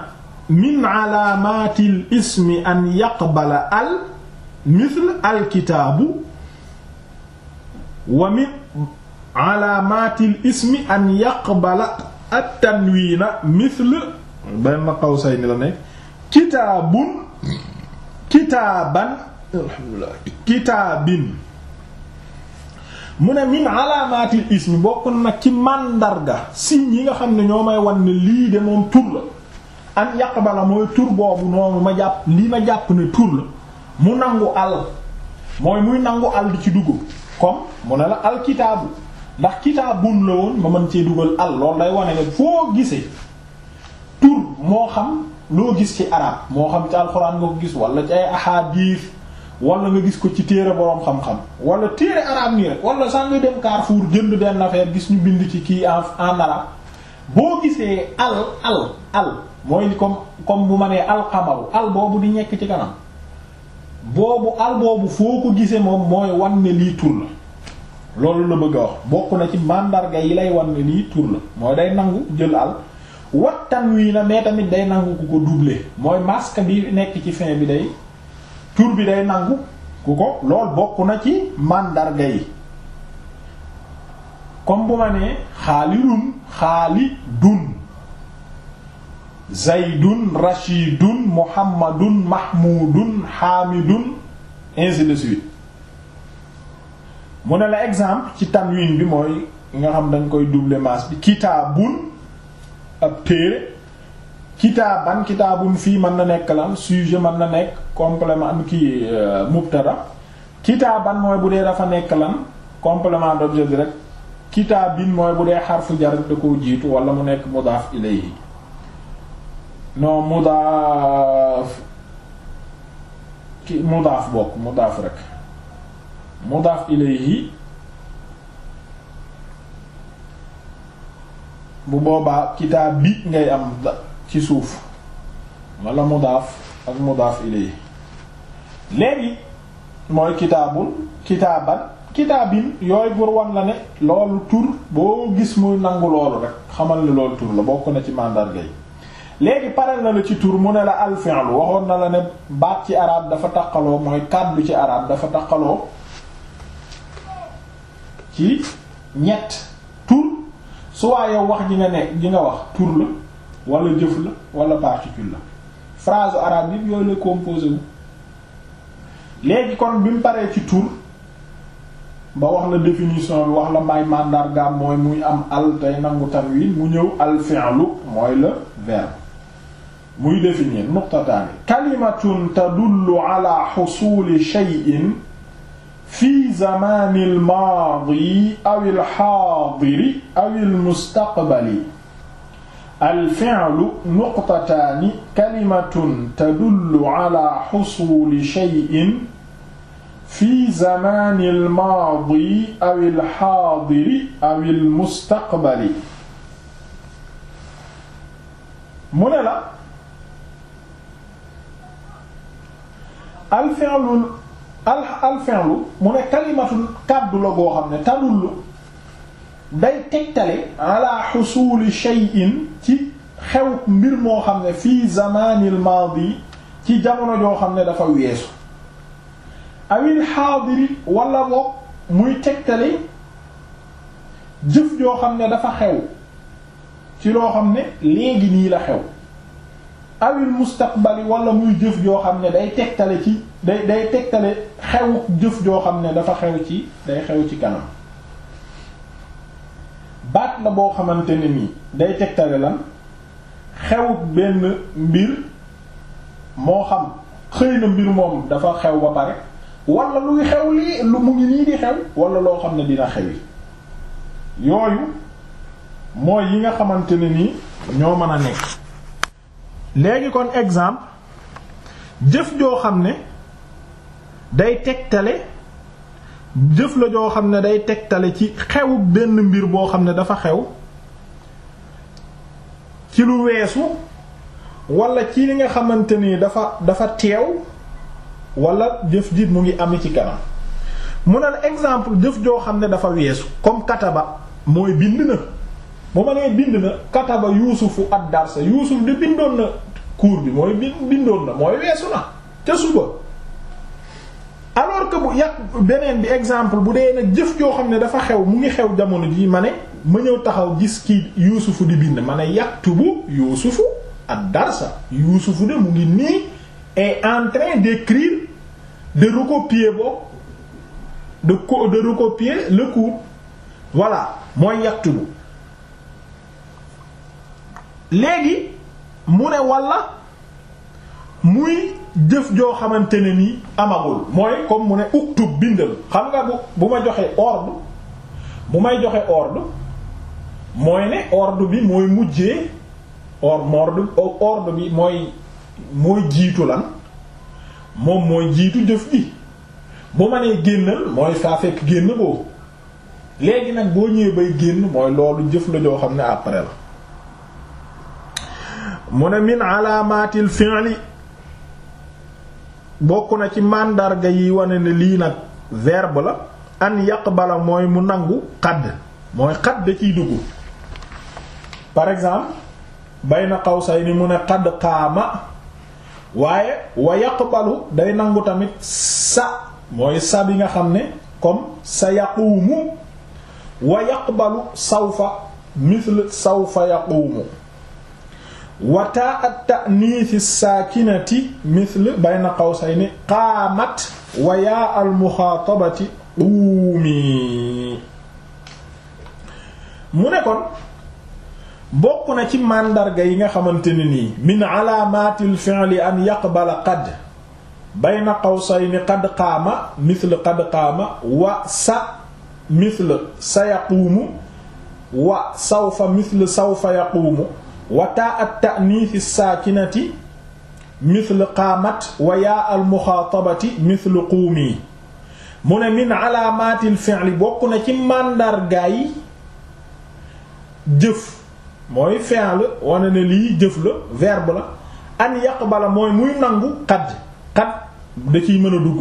S1: min alaamaatil ismi an yaqbala al misl alkitaabu wa min alaamaatil ismi an yaqbala at-tanwiina mithl bayna qawsayni la nekk kitaabun kitaaban alhamdulillah kitaabin mu ne min alaamaatil ismi bokk na ci màndarga signes yi nga xam ne ñoo may wan ne lii de moom tur la an yaqbala mooy tur boobu noonu ma jàpp lii ma jàpp ne tur la mu nangu àll mooy muy nangu àll di ci dugub comme mu ne la alkitaabu ndax kitaabun la woon ma mën cee dugal al loolu day wane ne foo gisee tur moo xam loo gis ci arab moo xam ci alxuraan nga ko gis wala ci ay ahadith wala nga gis ko ci téere boroom xam-xam wala téere arab nii rek wala saa nga dem Carrefour jënd benn affaire gis ñu bind ci kii en boo gisee al al al mooy comme comme bu ma nee alxamaru al boobu di ñekk ci kanam boobu al boobu foo ko gisee moom mooy wan ne lii tur la. loolu la bëgg wax bokku na ci mandarga yi lay wan ne lii tur la mooy day nangu jël al wattan wii na mais tamit day nangu ku ko doubler mooy masque bi nekk ci fin bi day tur bi day nangu ku ko loolu bokk na ci mandarga yi comme bu ma nee xaalidun xaalidun zaydun rashidun muhammadun mahmudun hamidun mu ne la exemple ci tanwin bi mooy nga xam dañ koy duble masse bi kitaabun ab téere kitaaban kitaabun fii mën na nekk lan sujet mën na nekk complément am ki euh, mubtada kitaaban mooy bu dee dafa nekk lan complément d'objet direct kitaabin mooy bu dee xarfu jar da koo jiitu wala mu nekk mudaaf yi non mudaaf ki mudaaf bokk mudaaf rek mudaaf ilayhi bu boobaa kitaab bi ngay am ci suuf wala mudaaf ak mudaaf ilayhi léegi mooy kitaabul kitaaban kitaabin yooyu pour wan la ne loolu tur boo gis muy nangu loolu rek xamal ne loolu tur la bokk na ci màndarga yi léegi pare na la ci tur mu ne la al fi'lu waxoon na la ne baat ci arab dafa taqaloo mooy kàddu ci arab dafa taqaloo ci ñett tur soit yow wax ji nga ne ji nga wax tur la wala jëf la wala particule la phrase arabe yooyu la composé wu léegi kon bi mu paree ci tur ba wax la définition bi wax la may mandargaam mooy muy am al tey nangu tanwin mu ñëw al fi'lu mooy le verbe muy définir nuqtataani kalimatun tadullu ala xusuli shay'in fi zamani almaadi aw alxaadiri aw almustaqbali alficlu nuqtataani kalimatun tadullu ala xusuuli sheyin fi zamani almaadi aw alxaadiri aw almustaqbali mu ne la alficlu al al fi'lu mu ne kalimatul kàddu la goo xam ne lu day tegtale ala xusuli shay'in ci xew mbir moo xam ne fii zamanil maadi ci jamono joo xam ne dafa weesu awil xaadiri wala boog muy tegtale jëf joo xam ne dafa xew ci loo xam ne léegi nii la xew awil mustaqbali wala muy jëf joo xam ne day tegtale ci day day tegtale xew jëf joo xam ne dafa xew ci day xew ci kanam baat na boo xamante ne nii day tegtale lan xew benn mbir moo xam xëy na mbir moom dafa xew ba pare wala luy xew lii lu mu ngi nii di xew wala loo xam ne dina xewi yooyu mooy yi nga xamante ne nii ñoo mën a nekk léegi kon exemple jëf joo xam ne day tegtale jëf la joo xam ne day tegtale ci xewu benn mbir boo xam ne dafa xew ci lu weesu walla ci li nga xamante ni dafa dafa teew walla jëf ji mu ngi am ci kanam mu ne la exemple jëf joo xam ne dafa weesu comme kataba mooy bind na bu ma nee bind na kataba yuusufu ad darsa yuusuf di bindoon na cours bi mooy bindoon na mooy weesu na ca suba alors que bu yàq beneen bi exemple bu dee nag jëf joo xam ne dafa xew mu ngi xew jamono ji ma ne ma ñëw taxaw gis kii yuusufu di bind ma ne yaktubu yuusufu ad darsa yuusufu de mu ngi nii est en train d'écrire de recopier boobu de co de recopier le cours voilà mooy yaktubu léegi mu ne walla muy jëf joo xamante ni nii amagul mooy comme mu ne uktub bindal xam nga bu ma joxe ordre bu may joxe ordre mooy ne ordre bi mooy mujjee or mooy jiitu lan moom mooy jiitu jëf bi bu ma nee génnal mooy saa fekk génn boobu léegi nag boo ñëwee bay génn mooy loolu jëf la joo xam ne après la mu ne min alaamaatil fi'li bokk na ci màndarga yi wane ne lii nag verbe la an bala mooy mu nangu xadd mooy xadd da ciy dugg par exemple bayna ni mu ne xadd qaama waaye wa yaqbalu day nangu tamit sa mooy sa nga xam ne comme sa yaquumu wa yaqbalu sawfa mithl sawfa yaquumu wataa at ta'niisi saakinati mithl bayna qawsayni qaamat wa yaa al muxaatabati quumi mu ne kon bokk na ci màndarga yi nga xamante ni nii min alaamaatil fi'li an yaqbala qad bayna qawsayni qad qaama mithl qad qaama wa sa mithl sa yaquumu wa sawfa mithl sawfa yaquumu wa taa at ta'niisi saakinati mithlu qaamat wa yaa al muxaatabati mithlu quumi mu ne min alaamaatil fi'li bokk na ci màndargaay jëf mooy fi'l wane ne lii jëf la verbe la an yaqbala mooy muy nangu xadd xadd da ciy mën a dugg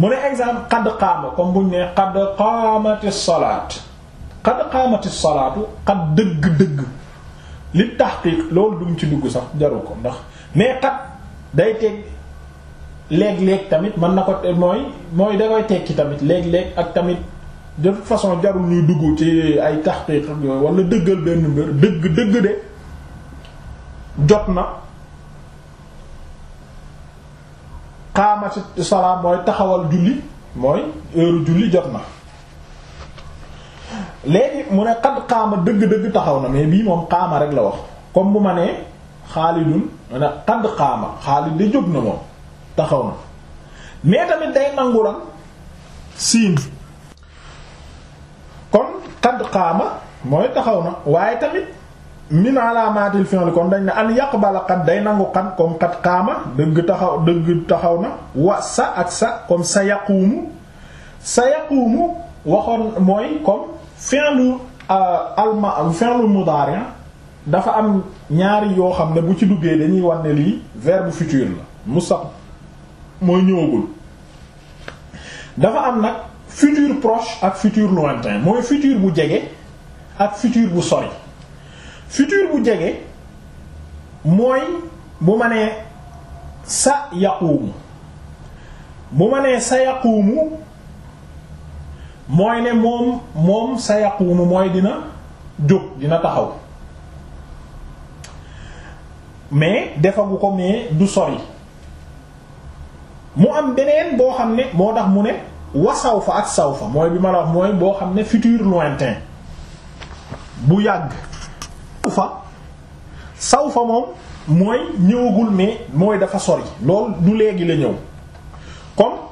S1: mu ne exemple xadd qaama qaamati salaat xadd qaamati salaatu xadd dëgg-dëgg li tahqiq loolu duñ ci dugg sax jaru ko ndax mais xat day teg léeg-léeg tamit mën na ko mooy mooy da koy tekki tamit léeg-léeg ak tamit de façon jarul ñuy dugg ci ay tahqiq yooyu wala dëggal benn mbir dëgg dëgg de jot na xaamati salaam mooy taxawal julli mooy heure julli jot na léegi mu ne xat xaama dëgg-dëgg taxaw na mais bii moom xaama rek la wax comme bu ma nee xaalidun ma ne xad xaama xaalid de jóg na moom taxaw na mais tamit day nangu lan siin kon xad xaama mooy taxaw na waaye tamit min alaamaatil fi'l kon dañ ne an yaqbala day nangu xat comme xat xaama dëgg taxaw dëgg taxaw na wa sa ak sa comme sa yaquumu sa yaquumu waxoon mooy comme fi'lu euh, alma fi'lu mudaari' dafa am ñaari yoo xam ne bu ci duggee dañuy wan ne lii verbe futur la mustaq mooy ñëwagul dafa am nag futur proche ak futur lointain mooy futur bu jege ak futur bu sori futur bu jege mooy bu ma nee sa yaquumu bu ma nee sa yaquumu mooy ne moom moom sa yaquumu mooy dina jóg dina taxaw mais defagu ko mais du sori mu am beneen boo xam ne moo tax mu ne wasaw fa ak saw fa mooy bi ma la mooy boo xam ne futur lointain bu yàgg fa saw fa moom mooy ñëwagul mais mooy dafa sori loolu du léegi la ñëw comme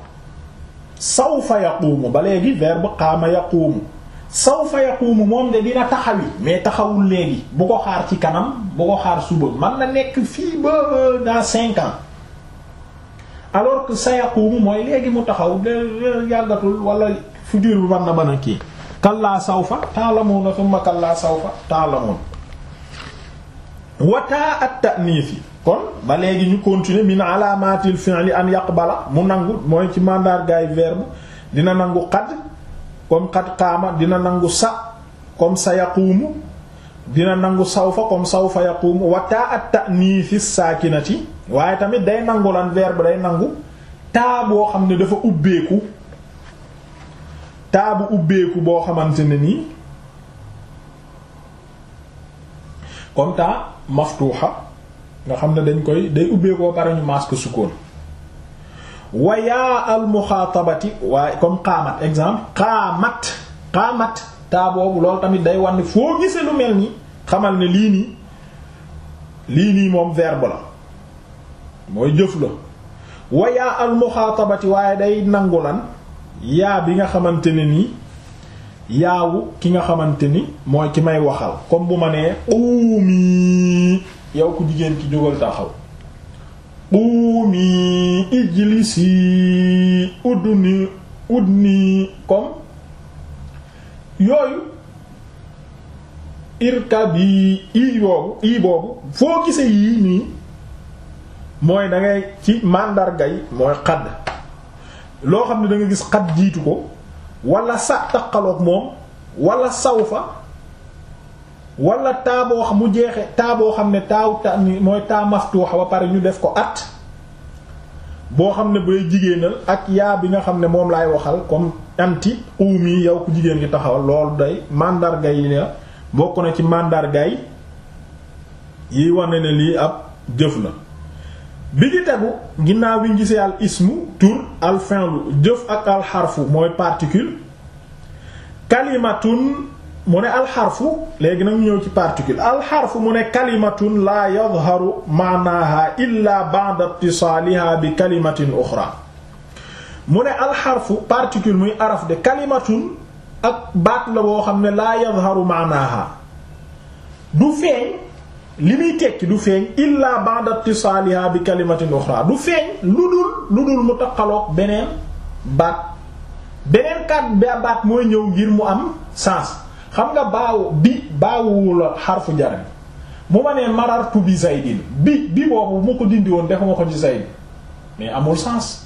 S1: sawfa yaquumu ba léegi verbe qaama yaquumu sawfa yaquumu moom de dina taxawi mais taxawul léegi bu ko xaar ci kanam bu ko xaar suba man na nekk fii ba dans cinq ans alors que sa yaquumu mooy léegi mu taxaw de yàggatul wala futur bi mën na ba a kii kallaa sawfa ta'lamuuna thumma kallaa sawfa ta'lamuun wataa at ta'niif yi kon ba léegi ñu continuer min alaamatil fi'li an bala mu nangu mooy ci mandargaay verbe dina nangu qad comme qad qaama dina nangu sa comme sa yaquumu dina nangu sawfa comme saw yaquumu wa taa at ta'niisi saakinati waaye tamit day nangu lan bu day nangu taa boo xam ne dafa ubbeeku taa bu ubbeeku boo xamante ne nii comme taa maftuuxa nga xam ne dañ koy day ubbeekoo pare ñu masque sukkoon wa yaa al waaye comme qaamat exemple qaamat qaamat taa boobu loolu tamit day wan ne foo gisee lu mel nii xamal ne lii nii moom verbe la mooy jëf la wa yaa waaye day nangu lan yaa bi nga xamante ne nii yaawu ki nga xamante ni mooy ki may waxal comme bu ma nee quumi yow ku jigéen ki jógal taxaw quumi ijlisi udni udni comme yooyu irkab yi i boobu i boobu foo gise yii nii mooy da ci màndarga yi mooy xadd loo xam ne da gis xadd jiitu ko wala sa taqaloog moom wala saw fa wala taa boo xam mu jeexee taa boo xam ne taaw ta mooy taa maftuux ba pare ñu def ko at boo xam ne buy dee jigéenal ak yaa bi nga xam ne moom laay waxal comme anti quumi yow ku jigéen gi taxaw lool day màndargay yi la bokk na ci màndargay yi yiy wane ne lii ab jëf la bi ci tegu ginnaaw bi ñu gisee al jëf ak mooy particule kalimatun mu ne alxarfu léegi nag ñëw ci particule alxarfu mu ne kalimatun la yadharu maanaaha illa ba'da ittisaaliha bi kalimatin uxra mu ne alxarfu particule muy araf de kalimatun ak baat la woo xam ne laa yadharu maanaaha du feeñ li muy tekki du feeñ illa ba'da ittisaaliha bi kalimatin uxra du feeñ lu dul lu dul mu taqaloog beneen baat beneen kat ba baat mooy ñëw ngir mu am sens xam nga baaw bi baawuwul xarfu jar bi mu ma nee marartu bi zaydin bi bi boobu mu ko dindi woon defu ma ko ci zayd mais amul sens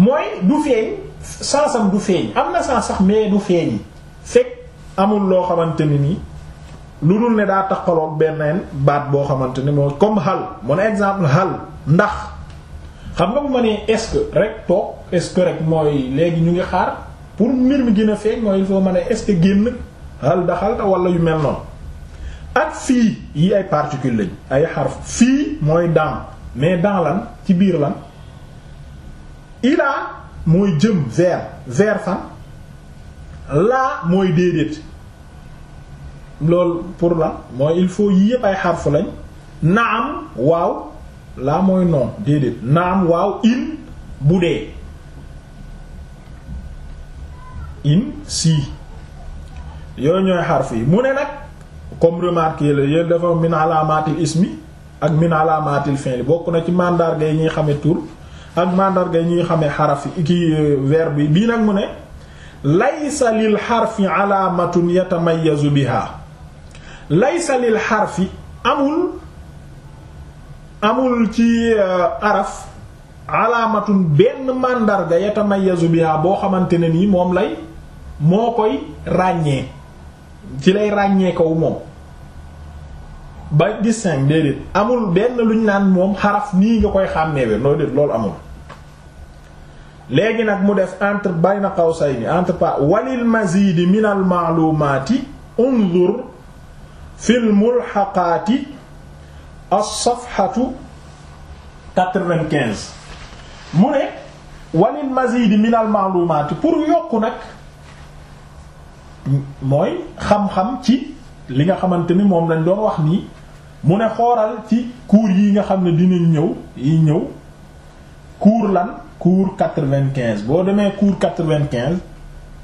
S1: mooy du feeñ sensam du feeñ am na sens sax mais du feeñ fekk amul loo xamante ni nii lu dul ne daa taxaloog benneen baat boo xamante ni mooy comme xal mu ne exemple xal ndax xam nga bu ma nee est-ce que rek toog est-ce que rek mooy léegi ñu ngi xaar. pour mbir mi gën a feeñ mooy il faut ma ne est génn hal daxalta wala yu mel noonu ak fii yi ay particules lañ ay xarf fii mooy dans mais dans lan ci biir lan ilaa mooy jëm vers vers fan laa mooy déedéet loolu pour lan mooy il faut yii yëpp ay xarfu lañ naam waaw laa mooy non déedéet naam waaw in bu dee in si yooyu ñooy xarf yi mu ne nag comme remarqué la yéen dafa min alaamaatil ismi ak min alaamaatil fi'li bokk na ci màndarga yi ñuy xame tur ak mandarga yi ñuy xame xaraf yi ki euh, verbe yi bii nag mu ne laysa xarfi alaamatun yatamayyazu biha laysa lil xarfi amul amul ci euh, araf alaamatun benn mandarga yatamayyazu biha boo xamante ne nii moom lay moo koy ràññee ci lay ràññee kaw moom ba distingue déedéet amul benn luñ naan moom xaraf nii nga koy xàmmeewe noo déet loolu amul léegi nag mu def entre bayna qawsayni entre pa walil mazidi min al ma'lumati unzur fil mulhaqati as-safhatu 95 mu ne walil mazidi min al ma'lumati pour yokku nag mooy xam-xam ci li nga xamante ni moom lañ doon wax nii mu ne xooral ci cours yi nga xam ne dinañ ñëw yi ñëw cours lan cours quatre-vingt-quinze boo demee cours quatre-vingt-quinze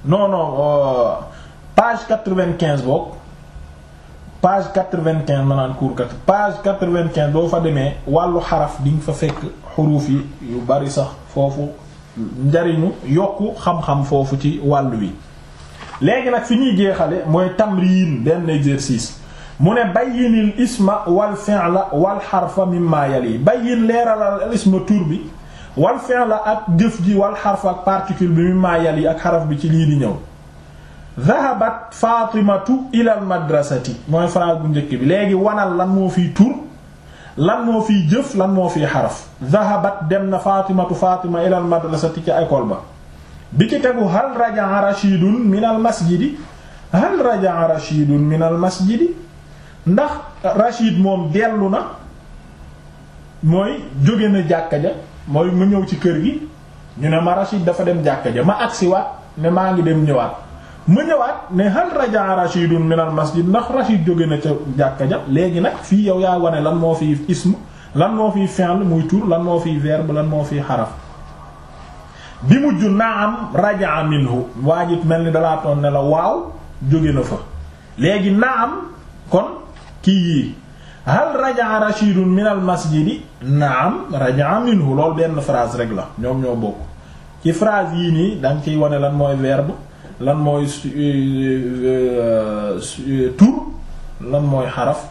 S1: non non euh, page quatre-vingt-quinze boog page quatre ma naan cours quatre page quatre boo fa demee wàllu xaraf di nga fa fekk xuruuf yi yu bari sax foofu njariñu yokku xam-xam foofu ci wàll wi. léegi nag fi ñuy jeexale mooy tamrin benn exercice mu ne bayyinil isma wal fi'la wal xarfa mimma yali bayyin leeralal al isma tur bi wal fi'la ak jëf ji wal xarfa ak particule bi mimma yi ak xaraf bi ci lii di ñëw dhahabat fatimatu ila al madrasati mooy phrase njëkk bi léegi wanal lan moo fi tur lan moo fiy jëf lan moo fiy xaraf dhahabat dem na fatimatu fatima ila al madrasati ca école ba bi ci tegu hal rajaa rashidun minal masjidi hal rajaa rashidun minal masjidi ndax rashid moom dellu na mooy jóge na jàkka ja mooy mu ñëw ci kër gi ñu ne ma rashid dafa dem jàkka ja ma waat ne maa ngi dem ñëwaat ma ñëwaat ne hal rajaa rashidun minal masjid ndax rashid jóge na ca jàkka ja léegi nag fii yow yaa wane lan moo fi ism lan moo fi fi'l muy tur lan moo fiy verbe lan moo fi xaraf bi mujj naam rajaa minhu waajib mel ni dalaa toon ne la waaw jóge na fa léegi naam kon kii yii hal rajaa rashidun min al masjidi naam rajaa minhu loolu benn phrase rek la ñoom ñoo bokk ci phrase yii nii da nga ciy wane lan mooy verbe lan mooy euh, euh, euh, tur lan mooy xaraf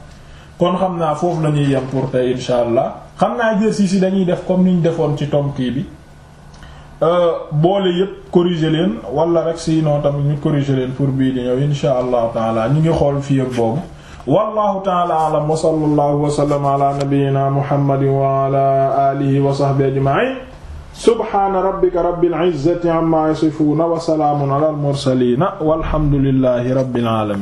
S1: kon xam naa foofu la ñuy yem pour tey insha allah xam naa exercice yi dañuy def comme ni ñu defoon ci tom kii bi Euh, boole yépp corriger leen wala rek sinon tamit ñu corriger leen pour bii di ñëw insha allahu taala ñu ngi xool fii ak boobu wallahu taala alam wa sallallahu wa sallama ala nabiyyina muhammadin wa ala alihi wa sahbihi ajma'in subhana rabbika rabbil izzati amma yasifuna wa salaamun ala al mursalina walhamdulillahi rabbil alamin